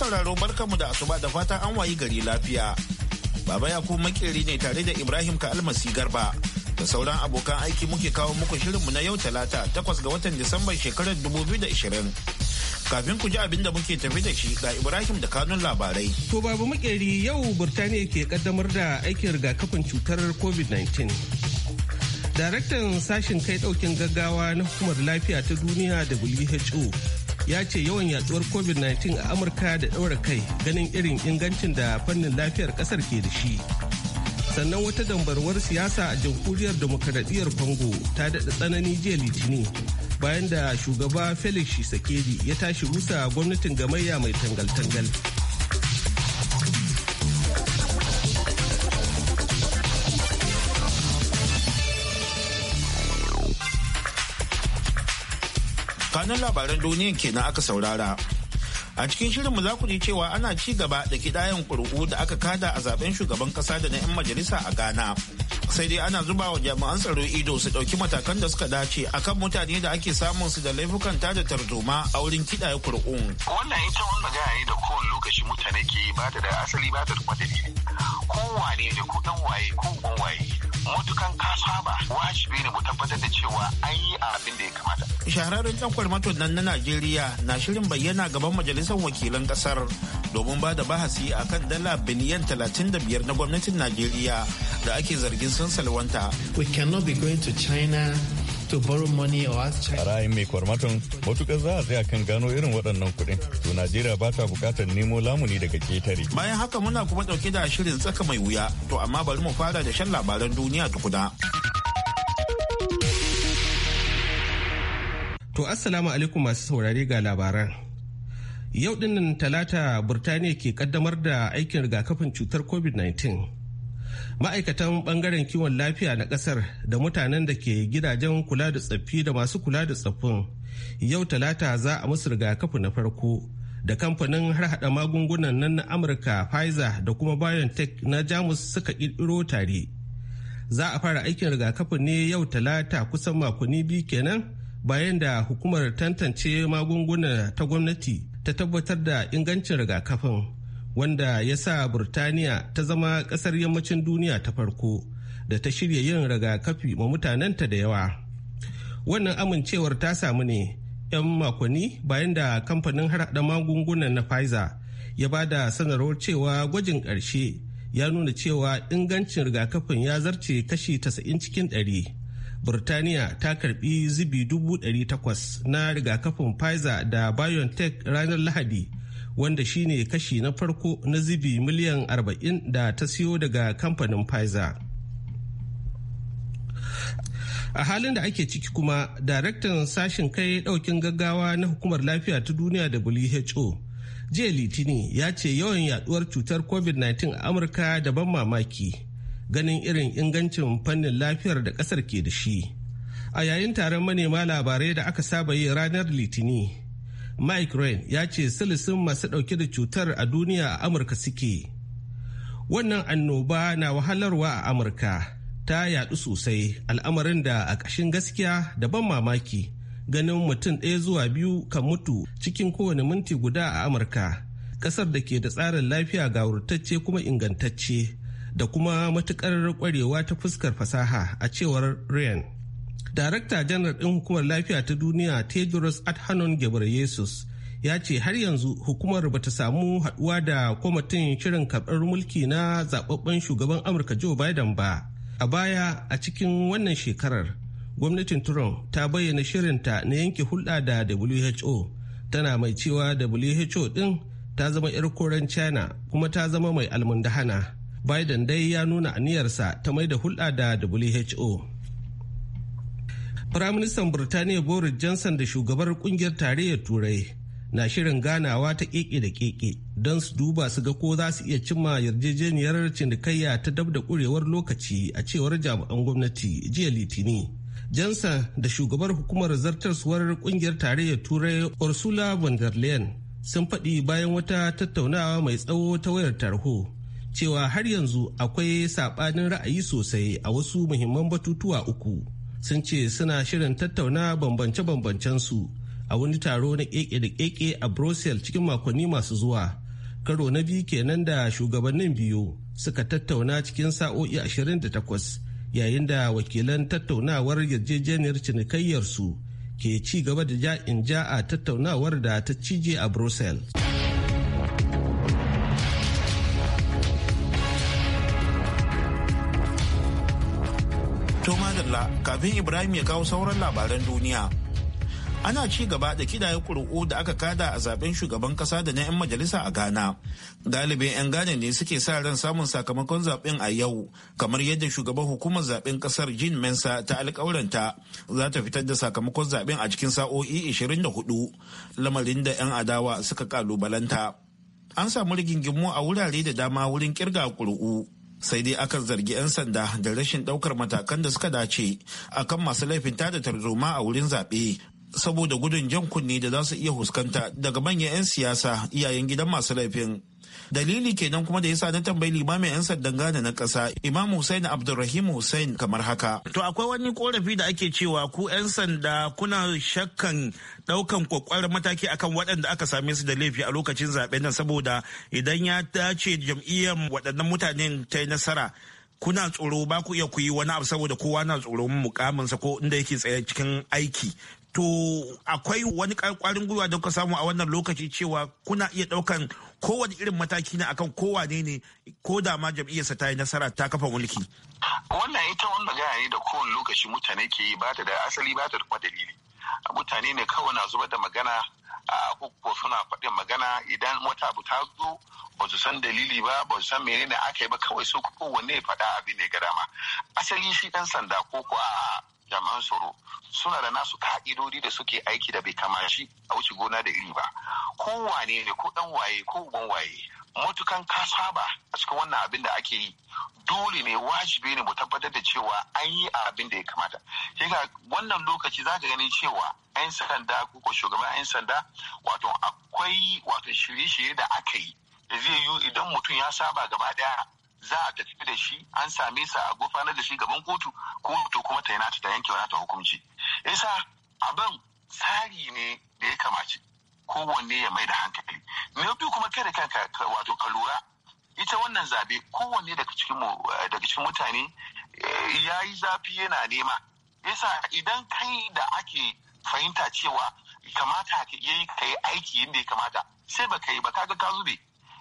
sauraro barkamu da asuba da fata an wayi gari lafiya. Baba Yakubu makeri ne tare da Ibrahim ka almasi garba. Da sauran abokan aiki muke kawo muku shirinmu na yau talata takwas ga watan Disamban shekarar 2020. Kafin ku ji abin da muke tafi da shi ga Ibrahim da kanun labarai. To babu makeri yau Burtaniya ke kaddamar da aikin rigakafin cutar COVID-19. Daraktan sashin kai daukin gaggawa na hukumar lafiya ta duniya WHO ya ce yawan yatsuwar covid-19 a amurka da ɗaura kai ganin irin ingancin da fannin lafiyar kasar ke da shi sannan wata dambarwar siyasa a jamhuriyar demokradiyyar congo ta daɗa tsanani jiya litini bayan da shugaba felix shisekedi ya tashi rusa gwamnatin gamayya mai tangal-tangal kanin labaran duniyan kenan aka saurara. A cikin shirinmu za ku ji cewa ana ci gaba da kidayen ƙuri'u da aka kada a zaben shugaban ƙasa da na 'yan majalisa a Ghana. Sai dai ana zuba wa jami'an tsaro ido su ɗauki matakan da suka dace akan mutane da ake samun su da laifukan tada tarzoma a wurin kidaye ƙuri'un. Wannan ita wanda gaya da kowane lokaci mutane ke ba da asali ba ta da dalili. Kowane da ko ɗan waye ko waye. mutukan ka saba wajibi ne mu tabbatar da cewa an yi abin da ya kamata. shahararren ɗan kwarmaton nan na najeriya na shirin bayyana gaban majalisar wakilan kasar domin ba da bahasi a kan dala biliyan talatin da biyar na gwamnatin najeriya da ake zargin sun salwanta. we cannot be going to china to borrow money or ask China. Ra'ayin mai kwarmaton matukar za a tsaya kan gano irin waɗannan kuɗin. To Najeriya ba ta buƙatar nemo lamuni daga ketare. Bayan haka muna kuma ɗauke da shirin tsaka mai wuya. To amma bari mu fara da shan labaran duniya tukuna. To assalamu alaikum masu saurare ga labaran. Yau dinnan talata Burtaniya ke ƙaddamar da aikin rigakafin cutar COVID-19. ma'aikatan bangaren kiwon lafiya na kasar da mutanen da ke gidajen kula da tsaffi da masu kula da tsaffin yau talata za a musu rigakafi na farko da kamfanin har hada magungunan nan na amurka pfizer da kuma biontech na jamus suka kirkiro tare za a fara aikin rigakafin ne yau talata kusan makonni biyu kenan bayan da hukumar tantance magunguna ta gwamnati ta tabbatar da ingancin rigakafin wanda ya sa Burtaniya ta zama kasar yammacin duniya ta farko da ta shirya yin rigakafi ma mutanenta da yawa. Wannan amincewar ta samu ne 'yan makonni bayan da kamfanin haraɗa magungunan na Pfizer ya ba da sanarwar cewa gwajin ƙarshe ya nuna cewa ingancin rigakafin ya zarce kashi 90 cikin 100. Burtaniya ta karbi zubi 800 na rigakafin Pfizer da BioNTech ranar Lahadi. wanda shine kashi na farko na zibi miliyan 40 da ta siyo daga kamfanin Pfizer. A halin da ake ciki kuma, daraktan sashen kai daukin gaggawa na hukumar lafiya ta duniya WHO, jiya litini ya ce yawan yaduwar cutar COVID-19 a Amurka da ban mamaki, ganin irin ingancin fannin lafiyar da kasar ke da shi. A yayin taron manema labarai da aka saba yi ranar litini. Mike Ryan ya ce silisin masu ɗauke da cutar a duniya a Amurka suke. Wannan annoba na wahalarwa a Amurka ta yaɗu sosai al'amarin da a ƙashin gaskiya da ban mamaki ganin mutum ɗaya zuwa biyu kan mutu cikin kowane minti guda a Amurka. Ƙasar da ke da tsarin lafiya gawurtacce kuma ingantacce da kuma matuƙar ƙwarewa ta fuskar fasaha a cewar Ryan. Darakta janar ɗin hukumar lafiya ta duniya Tedros Adhanom Ghebreyesus ya ce har yanzu hukumar ba ta samu haɗuwa da kwamitin shirin karɓar mulki na zaɓaɓɓen shugaban Amurka Joe Biden ba. A baya a cikin wannan shekarar gwamnatin Trump ta bayyana shirinta na yanke hulɗa da WHO tana mai cewa WHO ɗin ta zama 'yar koren China kuma ta zama mai almundahana. Biden dai ya nuna aniyarsa ta mai da hulɗa da WHO. Firaministan Birtaniya Boris Johnson da shugabar kungiyar tarayyar Turai na shirin ganawa ta keke da keke don su duba su ga ko za su iya cimma yarjejeniyar cinikayya ta dab da kurewar lokaci a cewar jami'an gwamnati jiya litini. Jansan da shugabar hukumar zartarsuwar kungiyar tarayyar Turai Ursula von der Leyen sun faɗi bayan wata tattaunawa mai tsawo ta wayar tarho cewa har yanzu akwai saɓanin ra'ayi sosai a wasu muhimman batutuwa uku. sun ce suna shirin tattauna bambance bambancen su a wani taro na keke da keke a brussels cikin makonni masu zuwa karo na biyu kenan da shugabannin biyu suka tattauna cikin sa'o'i ashirin da takwas yayin da wakilan tattaunawar yarjejeniyar cinikayyarsu ke ci gaba da ja in ja a tattaunawar da ta cije a brussels kafin Ibrahim ya kawo sauran labaran duniya. ana ci gaba da kidaye kuri'u da aka kada a zaben shugaban kasa da na 'yan majalisa a ghana galibin 'yan ghana ne suke sa ran samun sakamakon zaben a yau kamar yadda shugaban hukumar zaben kasar jean mensa ta alkawuranta za ta fitar da sakamakon zaben a cikin sa'o'i 24 lamarin da 'yan adawa suka kalubalanta an samu rigingimu a wurare da dama wurin kirga kuri'u sai dai aka zargi 'yan sanda da rashin daukar matakan da suka dace akan masu laifin tada tarzoma a wurin zaɓe saboda gudun jan kunni da za su iya fuskanta daga manyan 'yan siyasa iyayen gidan masu laifin dalili kenan kuma da yasa na tambayi limamin 'yan sandan Ghana na kasa Imam Hussein Abdulrahim Hussein kamar haka. To akwai wani korafi da ake cewa ku 'yan sanda kuna shakkan ɗaukan kwakwaran mataki akan waɗanda aka same su da laifi a lokacin zaben nan saboda idan ya dace jam'iyyar waɗannan mutanen ta yi nasara kuna tsoro ba ku iya ku yi wani abu saboda kowa na tsoron mukaminsa ko inda yake tsaye cikin aiki to akwai wani kwarin gwiwa da kuka samu a wannan lokaci cewa kuna iya ɗaukan kowane irin mataki na akan kowane ne ko da ma jam'iyyarsa ta yi nasara ta kafa mulki. wannan ita wani magana ne da kowane lokaci mutane ke yi bata da asali bata da kuma dalili mutane ne kawai na zubar da magana a ko suna faɗin magana idan wata abu ta zo ba su san dalili ba ba su san menene aka yi ba kawai su kowanne ya faɗa abin ne ga dama asali shi ɗan sanda ko ko a jami'an tsaro suna da nasu ka'idodi da suke aiki da bai kamashi a wuce gona da iri ba ko wane ne ko dan waye ko uban waye matukan ka saba a cikin wannan abin da ake yi dole ne wajibi ne mu tabbatar da cewa an yi abin da ya kamata ga wannan lokaci za ka ganin cewa 'yan sanda ko shugaban 'yan sanda wato akwai wato shirye-shirye da aka yi zai yiwu idan mutum ya saba gaba daya za a tafi da shi an same sa a gufanar da shi gaban kotu kotu kuma ta yanata ta yanke wani ta hukunci yasa abin tsari ne da ya kamace kowanne ya mai da hankali na biyu kuma kai da kanka wato ka lura ita wannan zabe kowanne daga cikin eh, mutane eh, ya yi zafi yana nema yasa idan kai da ake fahimta cewa kamata yi ka yi aiki yadda ya kamata sai ba ka yi ba ka ga ka zube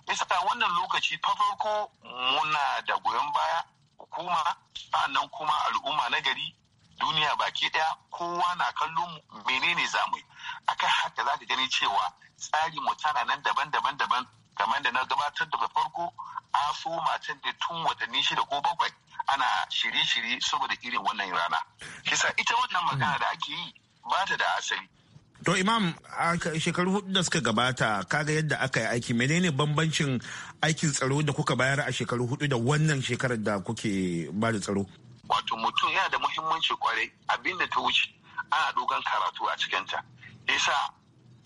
bisa wannan lokaci ta farko muna da goyon baya hukuma sa'annan kuma al'umma na gari duniya baki daya kowa na kallo menene zamu yi akan haka za ka gani cewa tsari mu tana nan daban-daban daban kamar da na gabatar da farko a so matan da tun watanni shida ko bakwai ana shirye-shirye saboda irin wannan rana. Kisa ita wannan magana da ake yi ba ta da asali. To Imam a shekaru hudu da suka gabata kaga yadda aka yi aiki menene bambancin aikin tsaro da kuka bayar a shekaru hudu da wannan shekarar da kuke ba da tsaro? Wato mutum yana da muhimmanci kwarai abinda ta wuce ana dogon karatu a cikinta. abin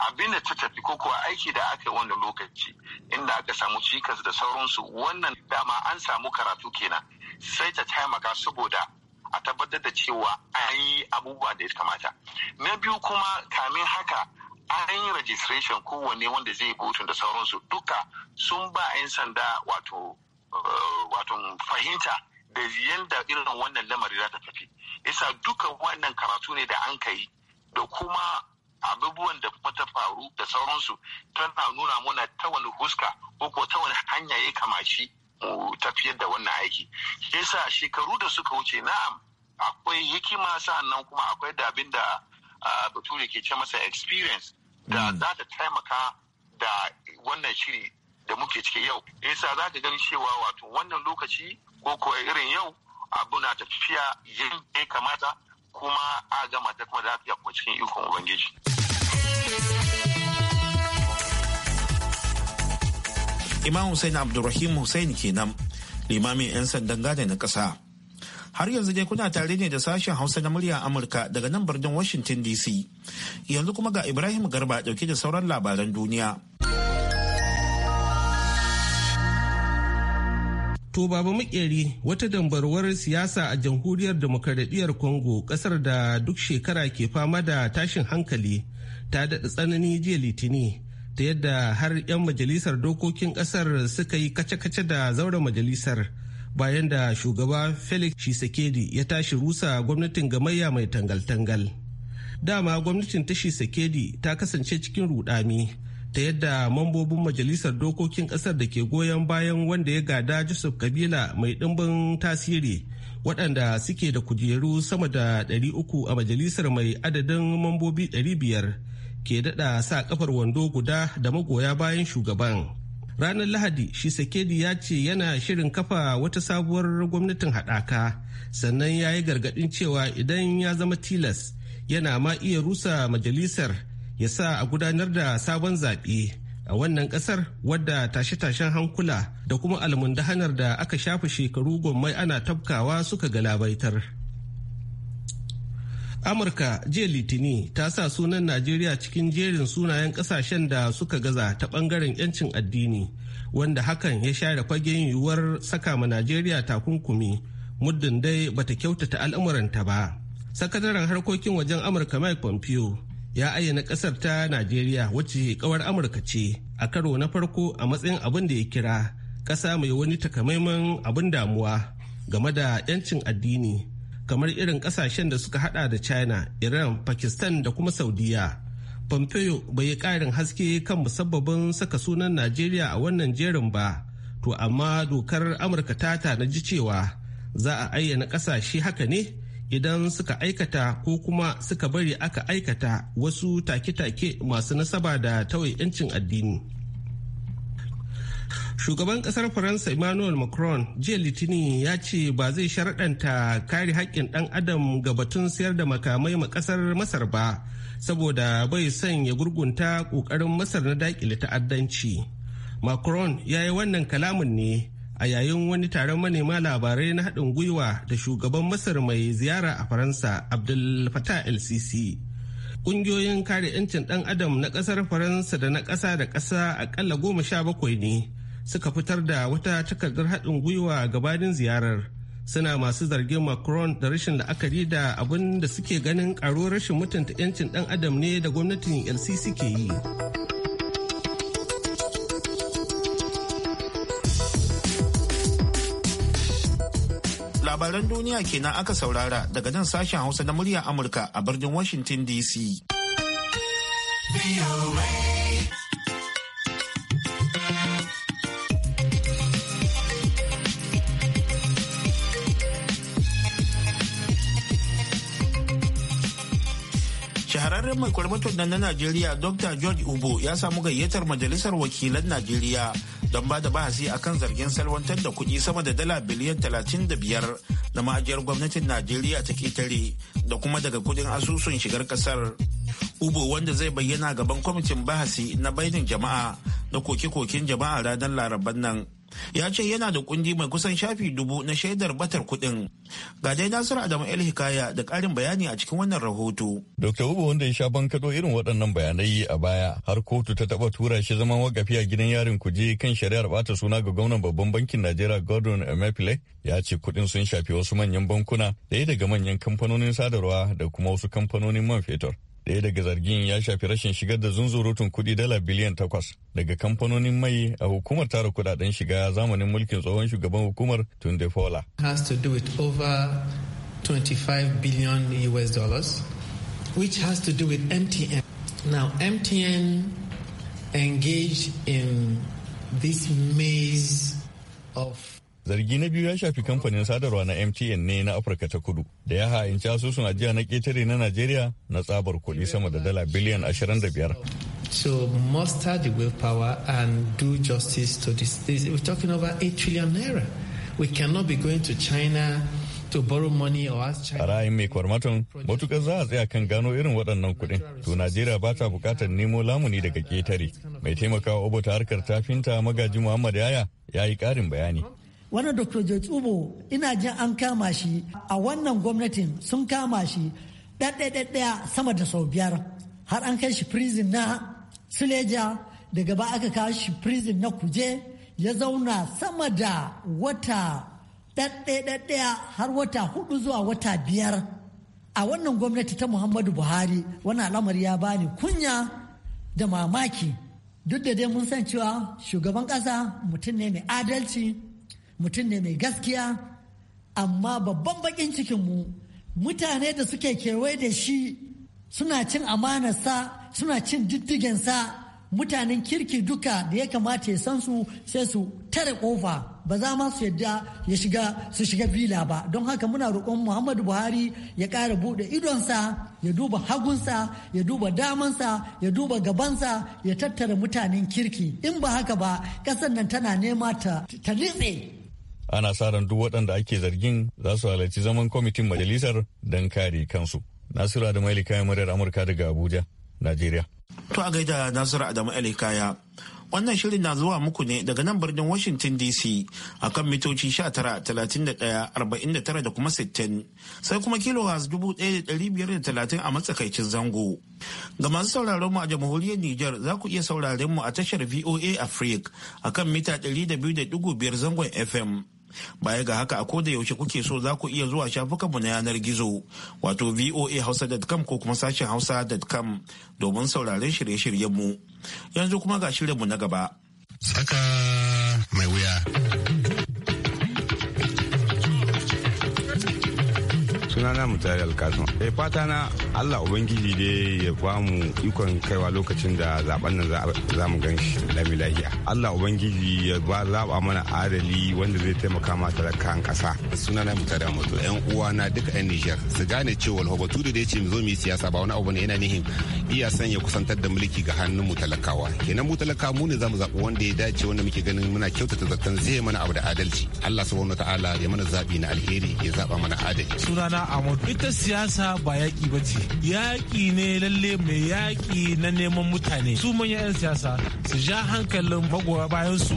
abinda ta tafi ko kuwa aiki da aka yi wannan lokaci inda aka samu cikas da sauransu wannan dama an samu karatu kenan sai ta taimaka saboda a tabbatar da cewa an yi abubuwa da ya kamata na biyu kuma kamin haka an yi registration kowanne wanda zai yi butun da sauransu duka sun ba 'yan sanda wato eh, wato fahimta da yadda irin wannan lamari za ta tafi isa duka wannan karatu ne da an kai da kuma abubuwan da kuma ta faru da sauransu tana nuna muna ta wani huska ko ta wani hanya ya kamashi mu eh, tafiyar da wannan aiki shi yasa shekaru da suka wuce na'am akwai hikima nan kuma akwai da abin da eh, bature ke ce masa experience da mm. za ta taimaka da wannan shiri da muke cike yau yasa za ka gani cewa wato wannan lokaci ko kuwa irin yau abu na tafiya yin ya kamata kuma a gama ta kuma ta kuma cikin ikon ubangiji. Imam Hussein Abdulrahim Hussein kenan limamin 'yan sandan gada na ƙasa. Har yanzu dai kuna tare ne da sashen Hausa na muryar Amurka daga nan birnin Washington DC. Yanzu kuma ga Ibrahim Garba dauke da sauran labaran duniya. To baba makeri wata dambarwar siyasa a jamhuriyar demokradiyyar Congo kasar da duk shekara ke fama da tashin hankali ta daɗa tsanani jiya litini ta yadda har 'yan majalisar dokokin kasar suka yi kace-kace da zauren majalisar bayan da shugaba felix shisekedi ya tashi rusa gwamnatin gamayya mai tangal-tangal dama gwamnatin ta shisekedi ta kasance cikin rudami ta yadda mambobin majalisar dokokin kasar da ke goyon bayan wanda ya gada joseph kabila mai dimbin tasiri waɗanda suke da kujeru sama da 300 a majalisar mai adadin mambobi 500 ke daɗa sa kafar wando guda da magoya bayan shugaban. Ranar Lahadi, shi sakedi ya ce yana shirin kafa wata sabuwar gwamnatin haɗaka, sannan ya yi gargaɗin cewa idan ya zama tilas yana ma iya rusa majalisar ya sa a gudanar da sabon zaɓe. a wannan ƙasar, wadda tashe-tashen hankula da kuma almundahanar da aka shafa shekaru gwammai ana tafkawa suka galabaitar. amurka jiya litini ta sa sunan najeriya cikin jerin sunayen kasashen da suka gaza ta bangaren yancin addini wanda hakan ya share fagen yiwuwar saka ma najeriya takunkumi muddin dai bata kyautata al'amuranta ba sakataren harkokin wajen amurka mike pompeo ya ayyana ƙasar ta najeriya wacce kawar amurka ce a karo na farko a matsayin abin da ya kira ƙasa mai wani takamaiman abin damuwa game da yancin addini kamar irin kasashen da suka hada da china iran pakistan da kuma saudiya pompeo bai yi karin haske kan musabbabin saka sunan najeriya a wannan jerin ba to amma dokar amurka ta tanaji cewa za a ayyana kasashe haka ne idan suka aikata ko kuma suka bari aka aikata wasu take-take masu nasaba da tawai 'yancin addini shugaban kasar faransa emmanuel macron jiya litinin ya ce ba zai sharaɗanta kare haƙƙin ɗan adam ga batun siyar da makamai ma ƙasar masar ba saboda bai son ya gurgunta ƙoƙarin masar na daƙile ta'addanci macron ya yi wannan kalamin ne a yayin wani taron manema labarai na haɗin gwiwa da shugaban masar mai ziyara a faransa abdul LCC. ƙungiyoyin kare 'yancin ɗan adam na ƙasar faransa da na ƙasa da ƙasa aƙalla goma sha bakwai ne suka fitar da wata takardar haɗin gwiwa gabanin ziyarar suna masu zargin macron da rashin la'akari da abin da suke ganin ƙaruwar rashin mutunta 'yancin ɗan adam ne da gwamnatin lcc ke yi labaran duniya kenan aka saurara daga nan sashen hausa na murya amurka a birnin washington dc Ƙwararren mai kwarmaton nan na Najeriya Dr. George Ubo ya samu gayyatar Majalisar Wakilan Najeriya don ba da bahasi a kan zargin salwantar da kuɗi sama da dala biliyan talatin da biyar ma'ajiyar gwamnatin Najeriya ta ketare da kuma daga kuɗin asusun shigar ƙasar. Ubo wanda zai bayyana gaban kwamitin bahasi na bainin jama'a da koke-koken jama'a ranar laraban nan. ya ce yana da kundi mai kusan shafi dubu na shaidar batar kuɗin. Ga dai Nasiru Adamu El Hikaya da ƙarin bayani a cikin wannan rahoto. Dr. Uba wanda ya sha bankaɗo irin waɗannan bayanai a baya har kotu ta taɓa tura shi zaman wakafi a gidan yarin kuje kan shari'ar bata suna ga gwamnan babban bankin Najeriya Gordon emefile ya ce kuɗin sun shafi wasu manyan bankuna ɗaya daga manyan kamfanonin sadarwa da kuma wasu kamfanonin man fetur. Ɗaya daga zargin ya shafi rashin shigar da zunzurutun kuɗi dala biliyan takwas daga kamfanonin mai a hukumar tara kuɗaɗen shiga zamanin mulkin tsohon shugaban hukumar Tunde Fola. Has to do with over 25 billion US dollars, which has to do with MTN. Now, MTN engaged in this maze of Zargi na biyu ya shafi kamfanin sadarwa na MTN ne na Afirka ta Kudu da ya hayanci asusun ajiya na ketare na Najeriya na tsabar kuɗi sama da dala biliyan 25. So muster the willpower and do justice to this. this we're cannot be going to China to borrow money A ra'ayin mai kwarmaton, matukar za a tsaya kan gano irin waɗannan kuɗin. To Najeriya ba ta buƙatar nemo lamuni daga ƙetare. Mai taimakawa Obo ta harkar tafinta magaji Muhammad Yaya ya yi ƙarin bayani. wani dr Tsubo ina jin an kama shi a wannan gwamnatin sun kama shi ɗaɗɗaɗɗaya sama da sau biyar har an kai shi prison na suleja daga ba aka kawo shi prison na kuje ya zauna sama da wata ɗaɗɗaɗɗaya har wata hudu zuwa wata biyar a wannan gwamnati ta muhammadu buhari wani al'amari ya bani kunya da mamaki duk da dai mun san cewa shugaban ƙasa mutum ne mai adalci mutum ne mai gaskiya amma babban bakin cikinmu mutane da suke kewaye da shi suna cin amanarsa suna cin diddigensa mutanen kirki duka da ya kamata ya san su sai su tare kofa ba za ma su yadda ya shiga su shiga fila ba don haka muna roƙon muhammadu buhari ya ƙara buɗe idonsa ya duba hagunsa ya duba damansa ya duba gabansa ya tattara mutanen kirki in ba haka ba ƙasar nan tana nema ta litse ana sa ran duk waɗanda ake zargin za su halarci zaman kwamitin majalisar don kare kansu nasiru adamu kayan muryar amurka daga abuja najeriya to a gaida nasiru adamu kaya wannan shirin na zuwa muku ne daga nan birnin Washington DC a kan mitoci 19,31,49 da kuma 60 sai kuma kilohertz 1,530 a matsakaicin zango. Ga masu sauraron mu a jamhuriyar Nijar za ku iya sauraren mu a tashar VOA Africa a kan mita 200.5 zangon FM. Baya ga haka a koda yaushe kuke so za ku iya zuwa shafukanmu na yanar gizo wato voahausa.com ko kuma sashen hausa.com domin sauraron shirye-shiryenmu. Yanzu kuma ga shirinmu na gaba. Saka mai wuya. sunana mutare alkasun eh fata na allah ubangiji dai ya ba mu ikon kaiwa lokacin da zaben nan za mu gan shi lami lahiya allah ubangiji ya ba zaba mana adali wanda zai taimaka ma talakan kasa sunana mutare amadu yan uwa na duka yan nijar su gane cewa tudu da ya ce zo mu yi siyasa ba wani abu ne yana nihin iya sanya kusantar da mulki ga hannun mu talakawa kenan mu talakawa mu ne zamu zaɓi wanda ya dace wanda muke ganin muna kyautata zaton zai mana abu da adalci allah subhanahu wa ta'ala ya mana zaɓi na alheri ya zaɓa mana adalci sunana a'a ita siyasa ba yaƙi ba ce yaƙi ne lalle mai yaƙi na neman mutane su manyan 'yan siyasa su ja hankalin magoya bayan su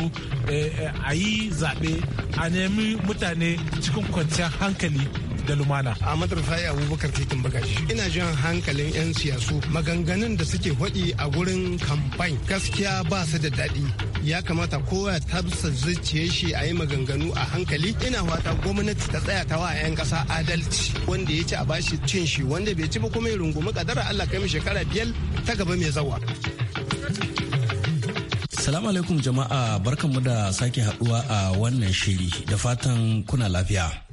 eh, eh, a yi zaɓe a nemi mutane cikin kwanciyar hankali da lumana. Ahmad Rufai Abubakar titin bagaji. Ina jan hankalin 'yan siyasu maganganun da suke faɗi a gurin kamfain gaskiya ba su da daɗi. Ya kamata kowa tafsa zuciyar shi a yi maganganu a hankali. Ina fata gwamnati ta tsaya ta wa 'yan kasa adalci wanda ya ci a bashi cin shi wanda bai ci ba kuma ya rungumi kadara Allah kai mu shekara biyar ta gaba mai zawa. Salamu alaikum jama'a barkanmu da sake haduwa a wannan shiri da fatan kuna lafiya.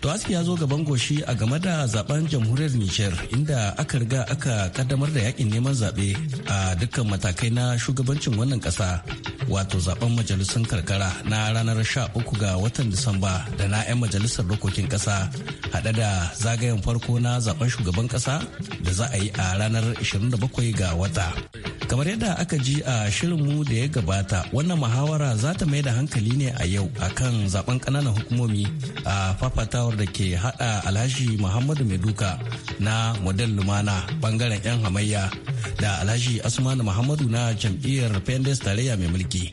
To aski ya zo gaban goshi a game da zaben jamhuriyar Nijar inda aka riga aka kaddamar da yakin neman zaɓe a dukkan matakai na shugabancin wannan ƙasa wato zaben majalisun karkara na ranar 13 ga watan Disamba da na 'yan majalisar dokokin ƙasa haɗe da zagayen farko na zaben shugaban ƙasa da za a yi a ranar 27 ga wata. kamar yadda aka ji a shirinmu da ya gabata wannan muhawara za ta mai da hankali ne a yau akan zaben kananan hukumomi a fafatawar da ke hada alhaji muhammadu maiduka na model lumana bangaren 'yan hamayya da alhaji asmanu muhammadu na jam'iyyar pendes tarayya mai mulki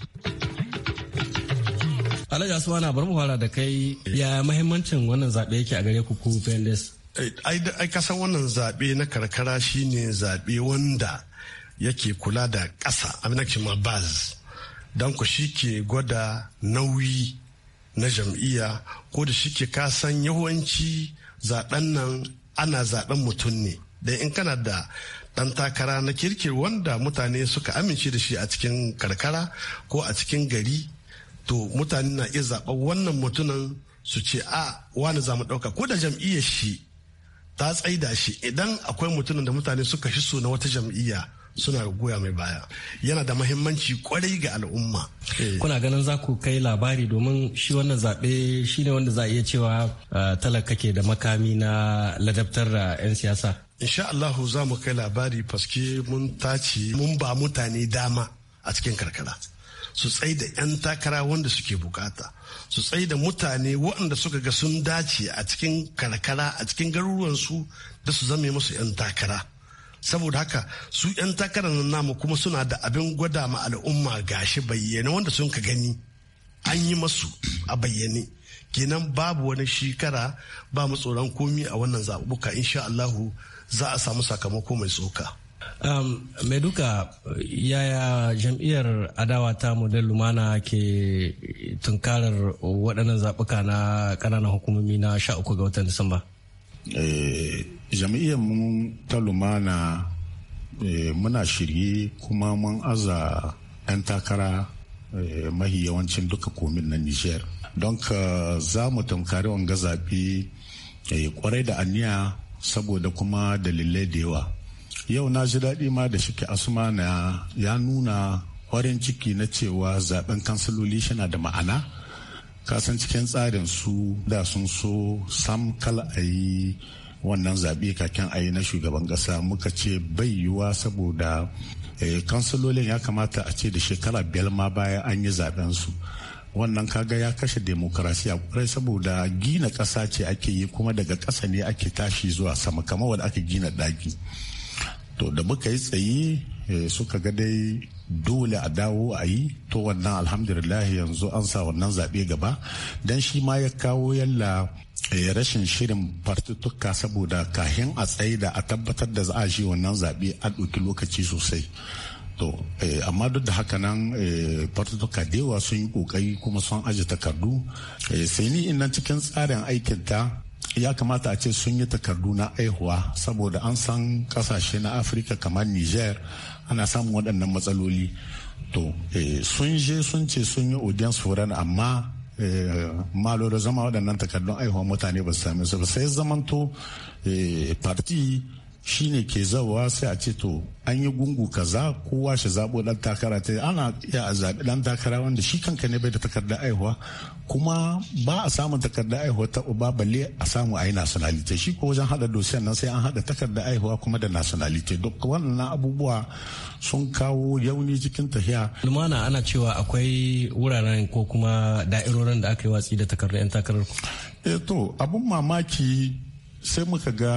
alhaji asmanu bari mu fara da kai ya mahimmancin wannan zaɓe yake a gare ku ku pendes eh, ai kasan wannan zaɓe na karkara shine zaɓe wanda yake kula da ƙasa aminacin ma baz don ku shi ke gwada nauyi na jam'iyya ko da shi ke kasan yawanci zaɓen nan ana zaɓen mutum ne Da in kana da ɗan takara na kirki wanda mutane suka amince da shi a cikin karkara ko a cikin gari to mutane na iya zaɓen wannan mutumin su ce a wani za mu ɗauka ko da jam'iyyar shi ta tsaida shi idan akwai mutumin da mutane suka shi na wata jam'iyya suna goya mai baya yana da mahimmanci kwarai ga al'umma eh. kuna ganin za ku kai labari domin shi wannan zaɓe shi ne wanda za a iya cewa ah, talaka ke da makami na ladabtar da 'yan siyasa insha Allahu za mu kai labari faske mun tace mun ba mutane dama a cikin karkara su tsai da 'yan takara wanda suke bukata su tsai da mutane waɗanda suka ga sun dace a cikin karkara a cikin garuruwansu da su zame musu 'yan takara saboda haka su 'yan takarar namu kuma suna da abin gwada ma al'umma gashi bayyane wanda sun ka gani an yi masu a bayyane kenan babu wani shekara ba mu tsoron komi a wannan zabuka insha Allahu za a samu sakamako mai tsoka. Um, mai duka yaya jam'iyyar adawa ta model lumana ke tunkarar waɗannan zaɓuka na ƙananan hukumomi na 13 ga watan disamba? Eh, jam'iyyar mu ta lumana eh, muna shirye kuma mun aza 'yan takara eh, mahi yawancin duka komin na niger don ka za mu tamkari wanga zaɓe eh, kwarai da aniya saboda kuma dalilai da yawa yau na ji daɗi ma da shike asumana ya nuna kwarin ciki na cewa zaben kansaloli shana da ma'ana kasan cikin tsarin su da sun so sam kala a yi wannan zaɓe kakin ayi na shugaban ƙasa muka ce bai yiwuwa saboda eh, kansilolin ya kamata a ce da shekara biyar ma bayan an yi zaben su wannan kaga ya kashe demokarasiya kwarai saboda gina ƙasa ce ake yi kuma daga ƙasa ne ake tashi zuwa sama kamar wanda aka gina ɗaki to da muka yi tsaye eh, suka ga dai dole a dawo a yi to wannan alhamdulillah yanzu an sa wannan zaɓe gaba don shi ma ya kawo yalla Eh, rashin shirin fartutuka saboda kahin a tsaye da a tabbatar da za a shi wannan zaɓe a ɗauki lokaci sosai to eh, amma duk da haka nan eh, fartutuka da yawa sun yi ƙoƙari kuma sun aji takardu sai ni inan cikin tsarin aikinta ya kamata a ce sun yi takardu na aihuwa saboda an san kasashe na afirka kamar niger ana samun waɗannan matsaloli to sun je sun ce sun yi audience foreign amma Eh, Malo da zama waɗannan takardun aihuwa mutane ba su same su ba sai zamanto eh, parti shine ke zawa sai a ce to an yi gungu kaza kowa shi zaɓo ɗan takara ta ana iya a zaɓi ɗan takara wanda shi kanka ne bai da takardar aihuwa kuma ba a samun takardar aihuwa ta uba balle a samu a yi nationality shi ko wajen haɗa dosiyan nan sai an hada takardar aihuwa kuma da nationality duk wannan abubuwa sun kawo yauni cikin tafiya. lumana ana cewa akwai wuraren ko kuma da'irorin da aka yi watsi da takardar 'yan takarar ku. eh to abun mamaki sai muka ga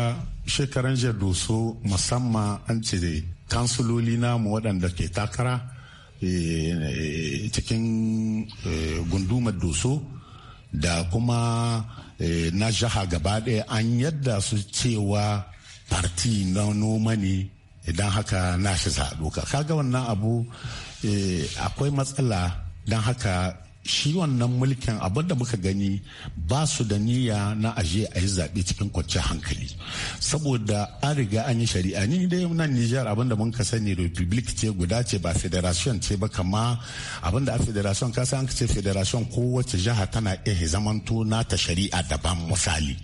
shekaran jiya doso musamman an ce kansuloli namu waɗanda ke takara eh, cikin eh, gundumar doso da kuma eh, na jiha gaba ɗaya an yadda su cewa parti na noma ne idan haka na shi zaɓuka kaga wannan abu akwai matsala don haka shi wannan mulkin abin da muka gani ba su da niyya na aje a yi zaɓe cikin kwanciyar hankali saboda an riga an yi shari'a ni dai nan nijar abin da mun ka sani republic ce guda ce ba federation ce ba kama abin da a federation kasa an ce federation ko kowace jiha tana iya zamanto ta shari'a daban misali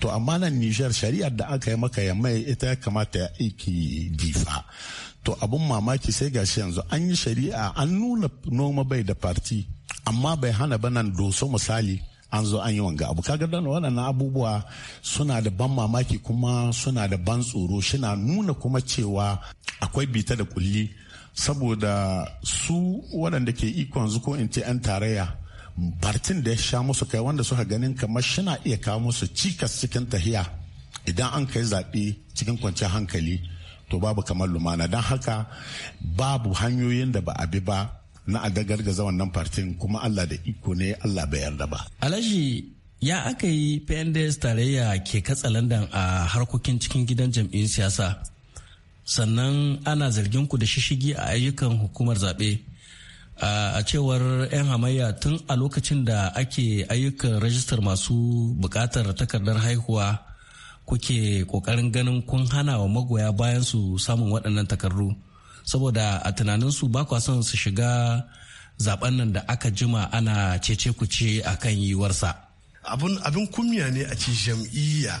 to amma nan nijar shari'ar da aka yi maka ya mai ita ya kamata ya aiki difa to abun mamaki sai gashi yanzu an yi shari'a an nuna noma bai da farti amma bai hana ba nan doso misali an zo an yi wanga abu kaga dan waɗannan abubuwa suna da ban mamaki kuma suna da ban tsoro suna nuna kuma cewa akwai bita da kulli saboda su waɗanda ke ikon ko in ce 'yan tarayya bartin da ya sha musu kai wanda suka ganin kamar shina iya kawo musu cikas cikin tahiya idan an kai zaɓe cikin kwanciyar hankali to babu kamar lumana don haka babu hanyoyin da ba a bi ba na a dagargaza wannan fartin kuma Allah da iko ne Allah bai yarda ba. Alhaji ya aka yi PNDS tarayya ke katsalandan a harkokin cikin gidan jam'iyyar siyasa sannan ana zargin ku da shishigi a ayyukan hukumar zaɓe. a cewar 'yan hamayya tun a lokacin da ake ayyukan rajistar masu bukatar takardar haihuwa kuke kokarin ganin kun hana wa magoya bayan su samun waɗannan takardu. saboda a tunaninsu ba kwa son su shiga zaben nan da aka jima ana cece ce a kan yiwarsa. Abin kumya ne a ce jam'iyya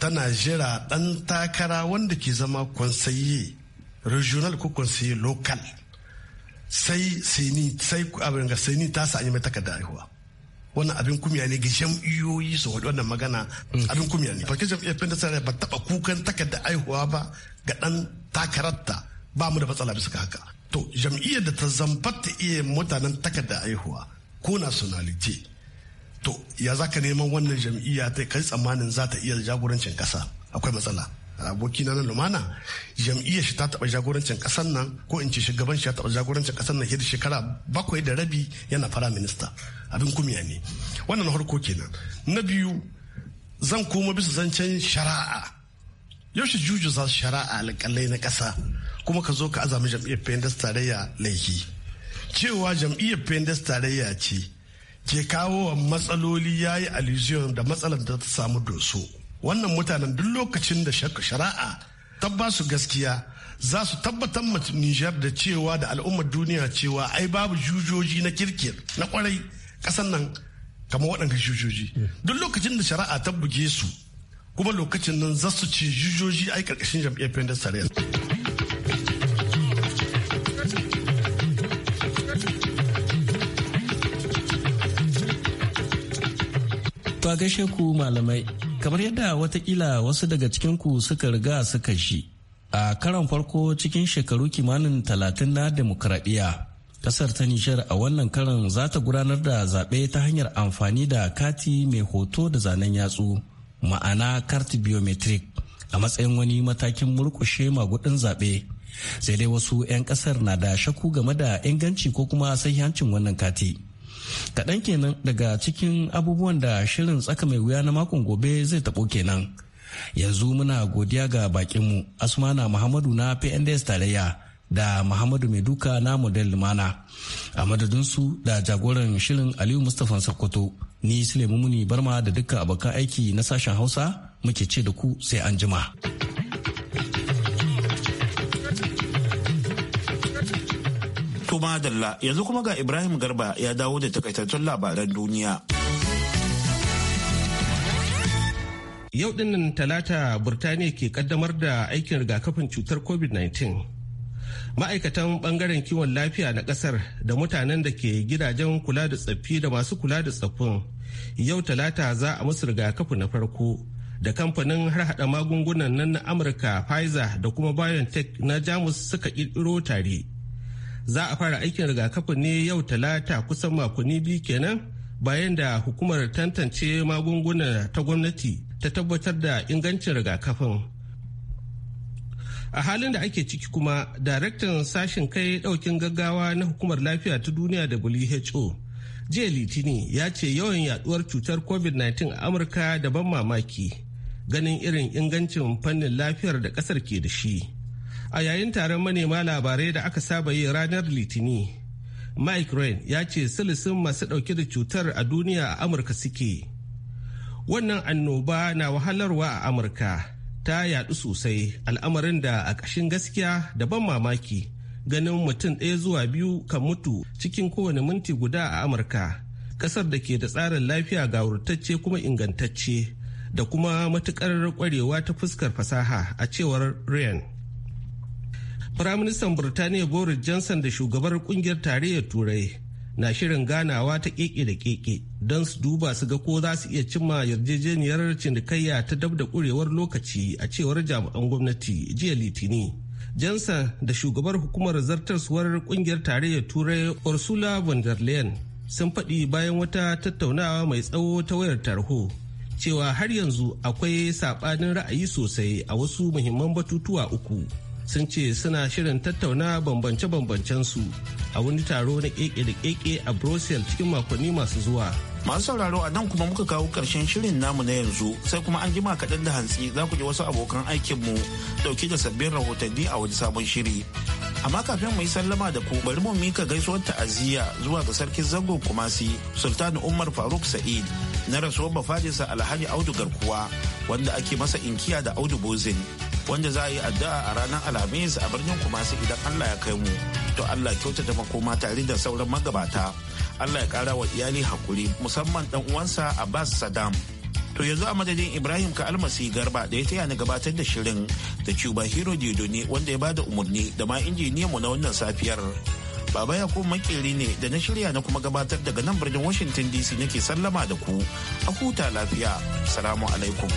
tana jira ɗan takara wanda ke zama kwansaye regional ko kwansaye local sai sai sai abin ga ni ta sa mai takarda aihuwa wannan abin kumya ne ga jam'iyyoyi su wadda wannan magana mm. abin kumya ne fakin jam'iyyar pentasar ba taɓa kukan takarda aihuwa ba ga ɗan takararta ba mu da matsala bisa haka to jam'iyyar da ta zambar ta iya mutanen takarda aihuwa ko nationality to ya za ka neman wannan jam'iyya ta kai tsammanin za ta iya jagorancin kasa akwai matsala abokina na lumana jam'iyyar shi ta taɓa jagorancin ƙasar nan ko in ce shugaban shi ya taɓa jagorancin ƙasar nan da shekara bakwai da rabi yana fara minista abin kumya ne wannan harko kenan na biyu zan koma bisa zancen shari'a yaushe juju za shari'a alƙalai na ƙasa kuma ka zo ka azami jam'iyyar pendas tarayya laifi cewa jam'iyyar pendas tarayya ce ke kawo wa matsaloli ya yi allusion da matsalar da ta samu doso wannan mutanen duk lokacin da shari'a ta ba su gaskiya za su tabbatar ma Nijar da cewa da al'ummar duniya cewa ai babu jujoji na kirkir na kwarai kasan nan kamar waɗanda jujoji duk lokacin da shari'a ta buge su kuma lokacin nan za su ce jujoji ai karkashin jam'iyyar pendas tarayya To a gaishe ku malamai, kamar yadda watakila wasu daga cikinku suka riga suka shi. A karan farko cikin shekaru kimanin talatin na demokradiyya, kasar ta Nishar a wannan karan za ta gudanar da zaɓe ta hanyar amfani da kati mai hoto da zanen yatsu, ma'ana karti biometric a matsayin wani matakin murkushe magudin zaɓe. Sai dai wasu 'yan ƙasar na da shakku game da inganci ko kuma sahihancin wannan kati. Kaɗan kenan daga cikin abubuwan da shirin tsaka mai wuya na makon gobe zai taɓo kenan. Yanzu muna godiya ga bakinmu Asmana Muhammadu na PNDS tarayya da Muhammadu mai duka na Model Lumana. A madadinsu da jagoran shirin Aliyu Mustapha Sokoto, ni Suleiman Muni Barma da dukkan abokan aiki na sashen Hausa muke ce da ku sai an jima. To madalla yanzu kuma ga Ibrahim Garba ya dawo da takaitattun labaran duniya. Yau dinnan talata Burtaniya ke kaddamar da aikin rigakafin cutar COVID-19. Ma'aikatan bangaren kiwon lafiya na kasar da mutanen da ke gidajen kula da tsaffi da masu kula da tsaffin yau talata za a musu rigakafi na farko da kamfanin harhaɗa magungunan nan na Amurka Pfizer da kuma BioNTech na Jamus suka ƙirƙiro tare. za a fara aikin rigakafin ne yau talata kusan makonni biyu kenan bayan da hukumar tantance magunguna ta gwamnati ta tabbatar da ingancin rigakafin a halin da ake ciki kuma daraktan sashen kai daukin gaggawa na hukumar lafiya ta duniya who jiya litini ya ce yawan yaduwar cutar covid-19 a amurka daban mamaki ganin irin ingancin fannin lafiyar da kasar ke da shi a yayin taron manema labarai da aka saba yi ranar litini mike rain ya ce silisin masu dauke da cutar a duniya a amurka suke wannan annoba na wahalarwa a amurka ta yadu sosai al'amarin da a ƙashin gaskiya da ban mamaki ganin mutum ɗaya zuwa biyu kan mutu cikin kowane minti guda a amurka ƙasar da ke da tsarin lafiya gawurtacce kuma ingantacce da kuma matuƙar ƙwarewa ta fuskar fasaha a cewar ryan Firaministan Birtaniya Boris Johnson da shugabar kungiyar tarayyar Turai na shirin ganawa ta keke da keke don su duba su ga ko za su iya cimma yarjejeniyar cinikayya ta dab da kurewar lokaci a cewar jami'an gwamnati jiya litini. Jansan da shugabar hukumar zartarsuwar kungiyar tarayyar Turai Ursula von der Leyen sun faɗi bayan wata tattaunawa mai tsawo ta wayar tarho cewa har yanzu akwai saɓanin ra'ayi sosai a wasu muhimman batutuwa uku. sun ce suna shirin tattauna bambance bambancen su a wani taro na keke da keke a brussels cikin makonni masu zuwa masu sauraro a nan kuma muka kawo karshen shirin namu na yanzu sai kuma an jima kaɗan da hantsi za ku ji wasu abokan aikinmu ɗauke da sabbin rahotanni a wani sabon shiri amma kafin mu yi sallama da ku bari mu mika gaisuwar ta'aziyya zuwa ga sarkin zango kumasi sultan umar faruk sa'id na rasuwar bafadinsa alhaji audu garkuwa wanda ake masa inkiya da audu bozin wanda za a yi addu'a a ranar alhamis a birnin kumasi idan allah ya kai mu to allah kyautata makoma tare da sauran magabata allah ya kara wa iyali hakuri musamman dan uwansa abbas saddam to yanzu a madadin ibrahim ka almasi garba da ya taya ni gabatar da shirin da cuba hero ne wanda ya bada umarni da ma injiniya mu na wannan safiyar baba ya kuma makeri ne da na shirya na kuma gabatar daga nan birnin washington dc nake sallama da ku a huta lafiya salamu alaikum